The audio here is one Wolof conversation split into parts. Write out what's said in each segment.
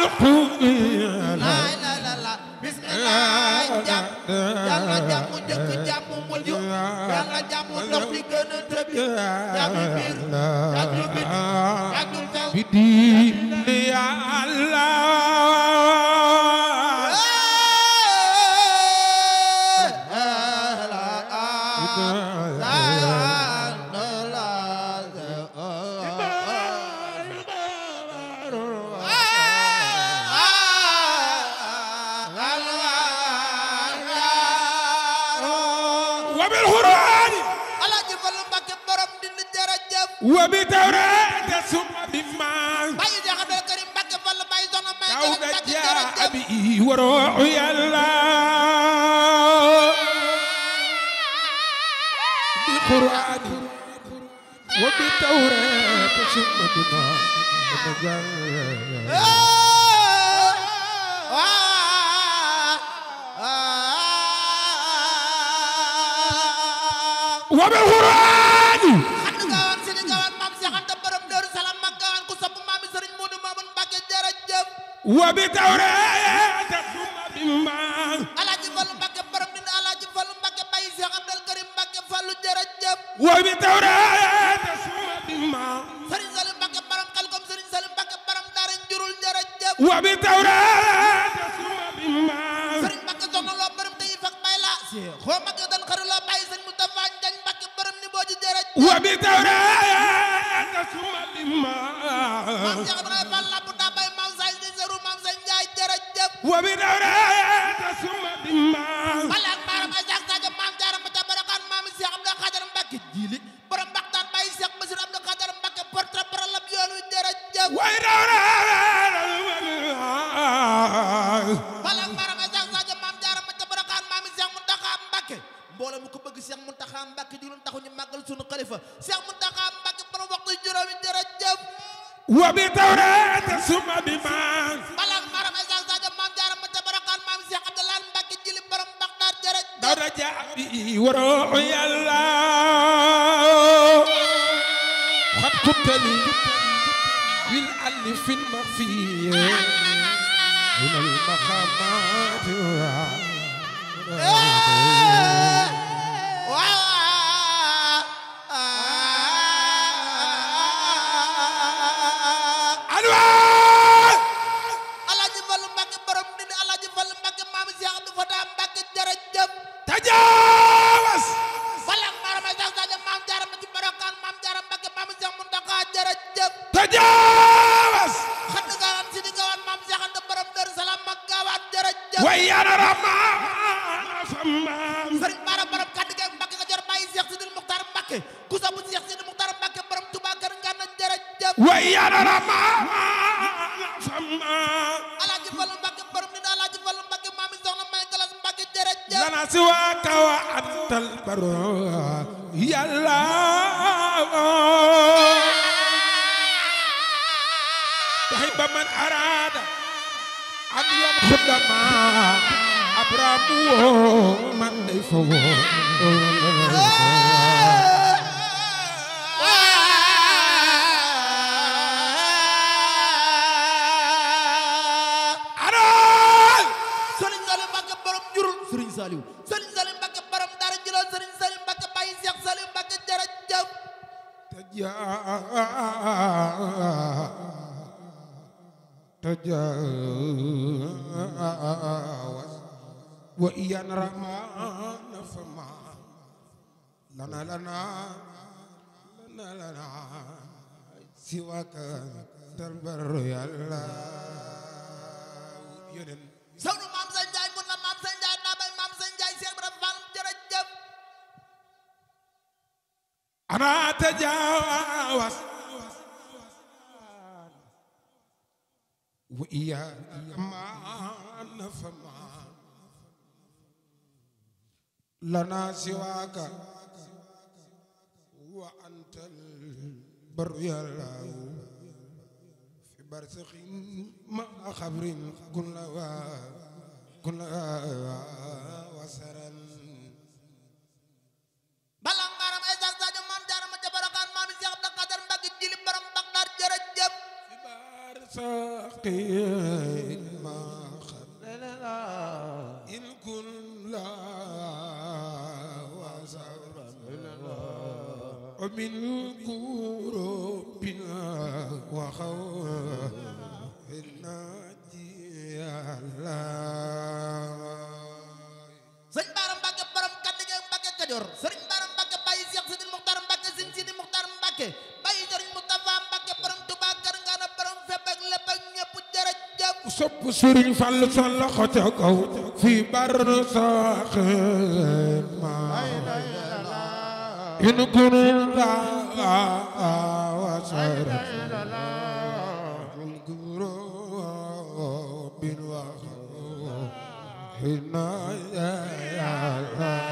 bismillah وبالقرآن Alaaji Fallu Mbakke borom di nu jërëjëf وبالتوراة ثم بالإنجيل Baay Ahmadu Karim Mbakke Fallu Baay Soxna May Mbakke جاء بي وروح الله بالقرآن وبالتوراة ثم بالإنجيل wabe xuraan xandu gaawaan sëriñ gaawaan maam Seex Anta borom Daaru Salaam mag gaawaan ku sopp maami sëriñ Moodu Maamun Mbàkke jërëjëf wabi tawreeta suma bimba alaaji Fallu Mbàkke borom dina alaaji Fallu Mbàkke baay Seex Abdul Karim Mbàkke Fallu jërëjëf wabi tawreeta wa bi tawra wa bi tawraata suma bi maan balang maram esang saja maam jaaram ma tabarakan maam Cheikh Abdoulaye Mbacke jili borom Baxdaar jërëj daraja bi waroo yàlla xat kubtali wil alli fin ma fiye min al maqaamaat Fallu Mbàkke borom ndindi Alaaji Fallu Mbàkke maam Cheikh Abdou Fatah Mbàkke jërëjëf lana siwaaka wa antal baro yàlla تحب من أراد أن يمحد ما أبرمه من ليس Saliou Serigne Saliou Mbacké borom dara jëloon Serigne Saliou Mbacké bàyyi Seex Saliou Mbacké jërëjëf taja taja wa iyan ramana fama lana lana lana lana siwaka darbar yàlla أنا أتجاوز وإياك ما نفهم لنا سواك وأنت البر يا الله في برزخ ما خبر كلها كلها وسرا ساقين ما خلنا إن كن لا وزورا ومن كروبنا وخورنا يا الله bu sëriñ Fallu son loxo ca kaw fii barnu saaxeen maa in kunun daa wasara bin waa hinna yaa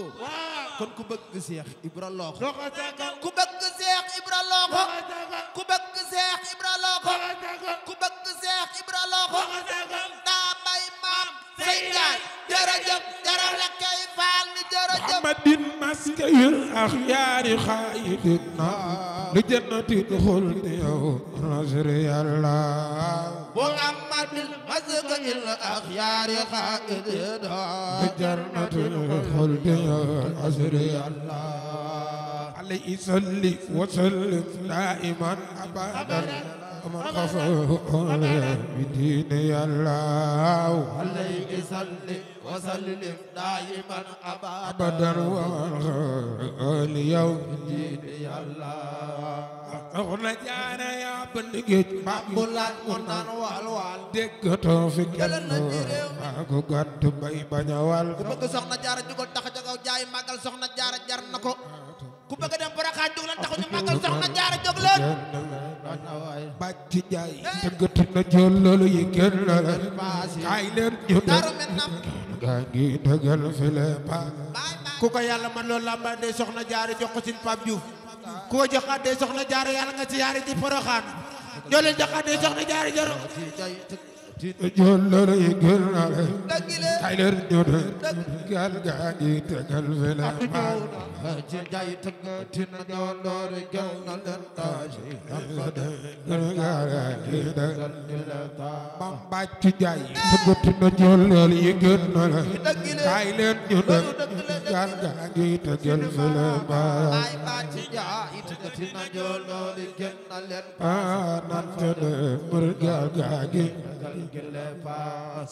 Looxo kon ku bëgg Cheikh Ibra Looxo ku bëgg Cheikh Ibra Looxo ku bëgg Cheikh Ibra Looxo ku bëgg Cheikh Ibra Looxo daa bay maam seytaan jërëjëf dara la kay faal ni jërëjëf Muhammadin maske yul axyaari xaayidina lu jannati duxul ni yow nasri yàlla الأخيار خائدنا بجنة الخلد عزر الله عليه صل وسلم دائما أبدا ومن خفه بدين الله عليه صل وسلم دائما أبدا ومن خفه اليوم بدين الله axna jaana yaa bënd géej bu laaj naan waal waal déggatoo fi kenn maa ko gàtt bay bañ a waal ku bëgg soxna jaara jugal tax jagaw jaay màggal soxna jaara jar jaay tëggati na jël yi kenn la kaay leen gaa ngi dëggal fi le ku ko yàlla man loolu làmbaandee soxna jaara jox ko sin Pape Diouf koo joxaat day soxna jaara yàlla nga ci yaari ji poroxaan ñoo leen joxaat day soxna jaara joro jolloy gulnare tayler jodo gal gaadi tegal vela ma je jay tagga tin jolloy gulnal dan taji akada gulgara dida bam bacc jay tagga tin jolloy gulnare tayler jodo gal gaadi tegal vela ma ay bacc jay tagga tin jolloy gulnal dan taji akada gulgara dida gil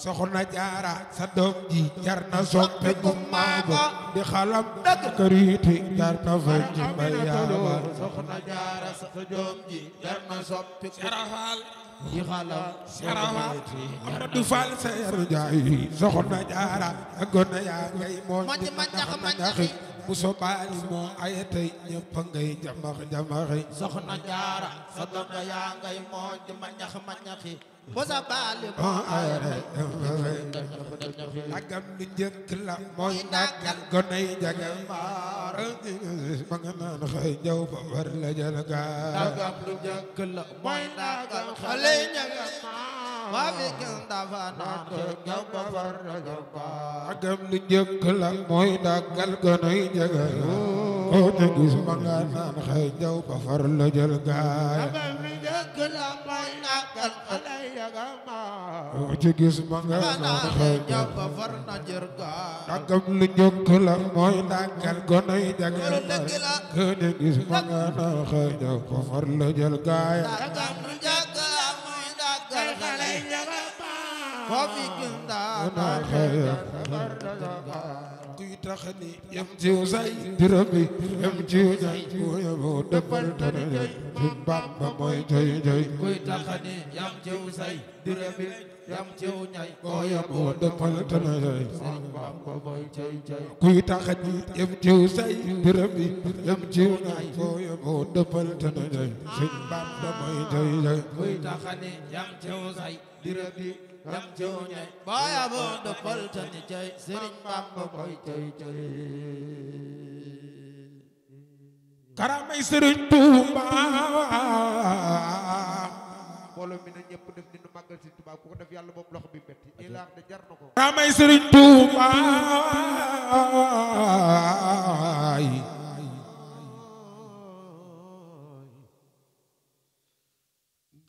soxna jaara sa doom ji jar na soppe bu maago di xalam dag kariti jar na fanji mbay yaaba soxna jaara sa doom ji jar na soppe sarafaal di xalam sarafaal a gona di manjax manjaxi muso baali moo aye tey soxna jaara sa yaa ngay moon di manjax manjaxi musa baali moo ay ah, rey ah, nagam ah, lu njëkk la mooy nagal gonay jagal maar ma nga naan xëy njaw ba war la jël gaar nagam lu njëkk la mooy nagal xale jagal maar ma fi gën dafa naan xëy njaw ba war la jël gaar nagam lu njëkk la mooy nagal gonay jagal ko te gis ma nga naan xëy jaw ba far la jël gaaya ko te gis ma nga naan xëy jaw ba far la jël gaaya dagam lu njëkk la mooy ndànkal gone yi jagal ko te gis ma nga naan xëy jaw ba far la jël gaaya ko fi gën daa kuy tax ni yam jiw say dërëmi yam jiw ñay kuya boo dëppal tane jooy ci Bamba mooy jooy jooy kuy tax ni yam jiw say dërëmi yam jiw ñay kuya boo dëppal tane jooy ci Bamba mooy jooy jooy kuy tax ni yam jiw say dërëmi yam jiw ñay kuya boo dëppal tane jooy ci Bamba mooy jooy jooy kuy tax ni yam jiw say dërëmi lam juuñay baya boo dëppal tani cay sëriñ Bamba koy cay cay karamay sëriñ Tuuba mbooloo mi na ñëpp def di nu màggal sëriñ Tuuba ku ko def yàlla boobu loxo bi metti ilaax de jar na ko karamay sëriñ Tuuba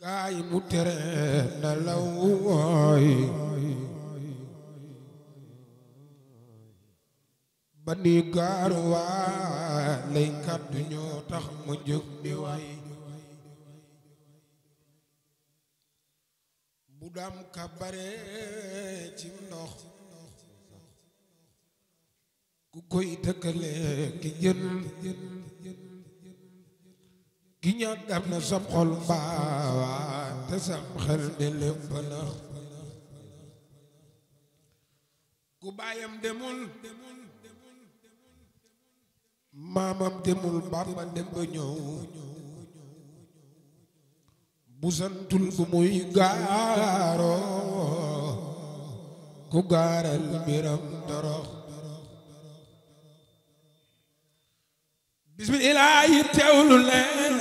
gaay mu tere ba ni gaaruwaa lay kàddu ñoo tax mu jóg di way bu daam ka bare ci ndox ku koy tëkkale ki jën ki ñàggam na sam xol baawaa te sam xel di lépp na ku baayam demul maamam demul Bàmba dem ba ñëw bu muy gaaro ku gaaral mbiram dorox bismillaahi teewlu leen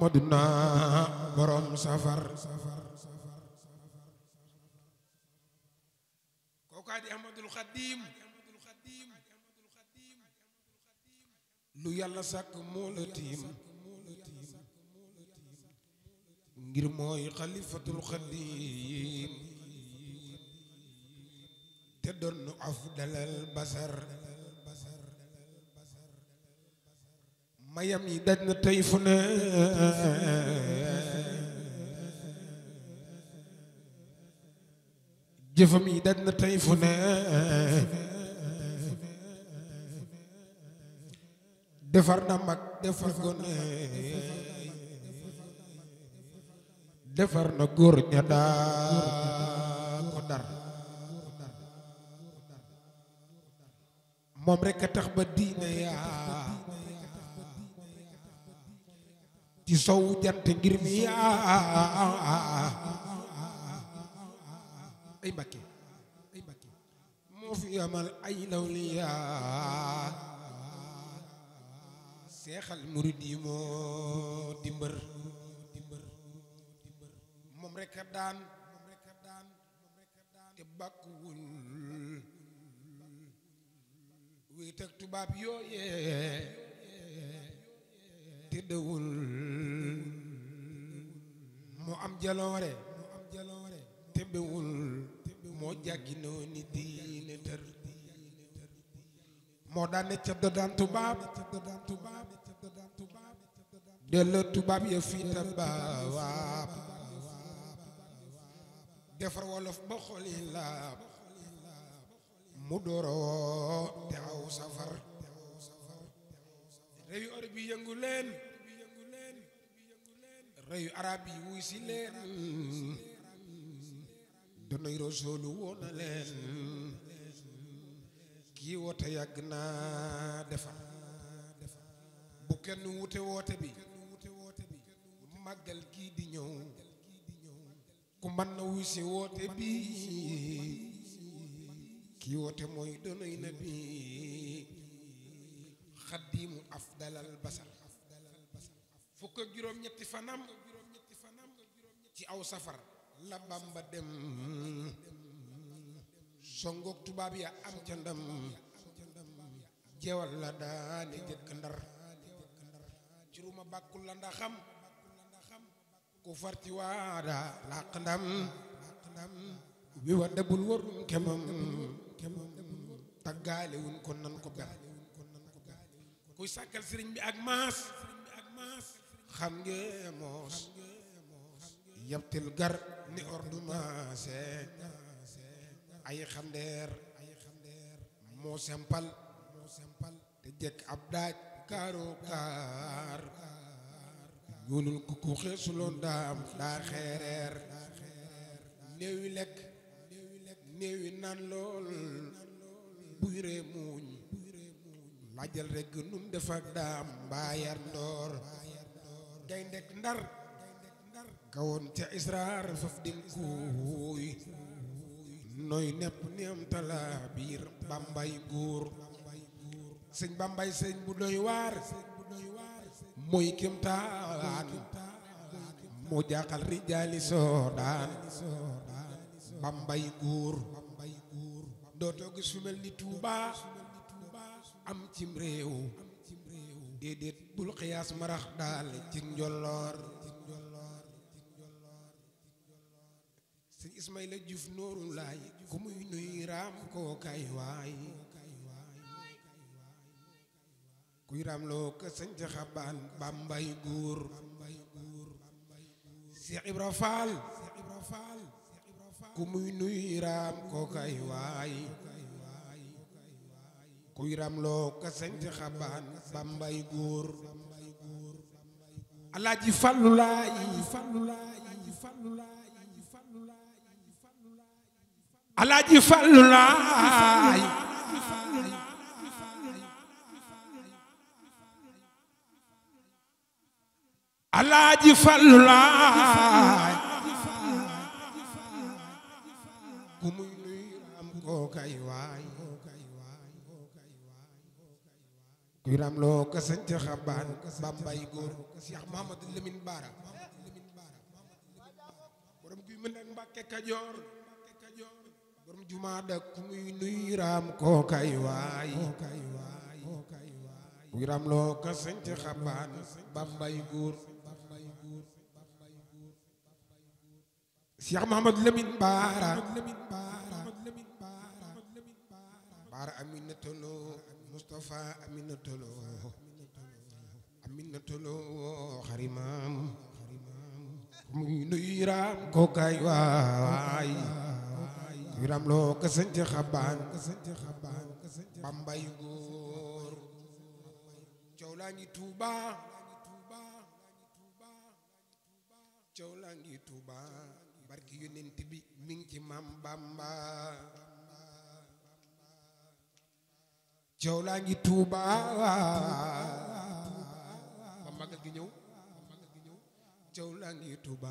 Muhammadu naa borom safar kookaa di Ahmadul Xadim lu yàlla sàkk moo la tiim ngir mooy xalifatul Xadim te doon afdalal basar mayam yi daj na tey fu ne jëfam yi daj na tey fu ne defar na mag defar gone defar na góor ña daa moom rekk a tax ba diine yaa ci sow jant ngir mi yaa ay Mbakke ay Mbakke moo fi amal ay lawliyaa seexal murid yi moo di moom rek daan te bàkkuwul wéet ak tubaab yooyee dëwul am jaloore tebewul moo jàgginoo ni diine tër moo daan ne ca tubaab delloo tubaab ya fii tabaab defar wolof ba xoli laab mu dooroo te aw safar réewi or bi yëngu leen royu araab yi wuy si leen donoy rosoolu woona leen kii woote yàgg naa defar bu kenn wute woote bi màggal kii di ñëw ku mën na wuy si woote bi kii woote mooy donoy nabi xaddiimu afdalal basar fukk ak juróom-ñetti fanam ci aw safar la Bamba dem songoog tubaab ya am ca ndam jeewal la daane jëkk ndar ci ruma bàkkul la ndaxam ku farti waada làq ndam wi wa debul warum kemam taggaale wuñ ko nan ko ber kuy sàkkal sëriñ bi ak maas xam ngeen moos yabtil gar ni ordonnance ay xandeer moo sempal te jëkk ab daaj kaaro kaar ñuulul kuku xeesuloon daam daa xeereer néewi lekk néewi naan lool buy ree muuñ laajal rekk nun def daam mbaayar ndoor gayndeg ndar kawoon ca israar faf ding kuuy nooy nepp neem tala biir bambay góor sëñ bambay sëñ bu doy waar muy kimtaan mu jaaxal rijaali soodaan bambay góor dootoo gis fu mel ni Tuuba am cim réew déedéet bul xiyaas marax daal ci njolloor sëñ Ismaïla Juuf nooru laay ku muy nuy raam koo kay waay kuy raam loo ko sëñ ca xabaan bàmbay góor Seex Ibra Faal ku muy nuy raam koo kay waay kuy ramloo ka sañti xabaan bambay góor alaaji fallu laay fallu laay alaaji fallu laay alaaji fallu laay ku muy nuy am koo waay wiram loo ka sañ ca xabaan bambay góor Cheikh Mamadou Lamine Bara borom kuy mën ak Mbàkke Kajoor borom jumaa da ku muy nuy raam koo kay waay wiram loo ka sañ ca xabaan bambay góor Cheikh Mamadou Lamine Bara Bara Aminata Lo Moustapha Aminata Lo Aminata Lo xarimaam muy nuyu Iram ko kay waay Iram loo kasanti xabaan Bambay góor coow laa ngi Tuuba coow laa ngi Tuuba barki yonent bi mi ngi ci maam Bamba coow laa ngi Touba ba magal gi ñëw coow laa ngi Touba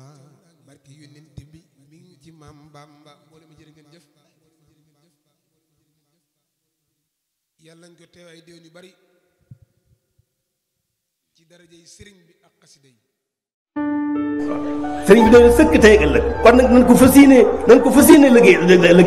barki yonent bi mi ngi ci maam boole ma jërë ngeen jëf yàlla nañ ko teew ay yu bari ci daraja yi sëriñ bi ak xasida yi sëriñ bi doon sëkk tey ëllëg kon nag nañ ko fas yéene nañ ko fas yéene liggéey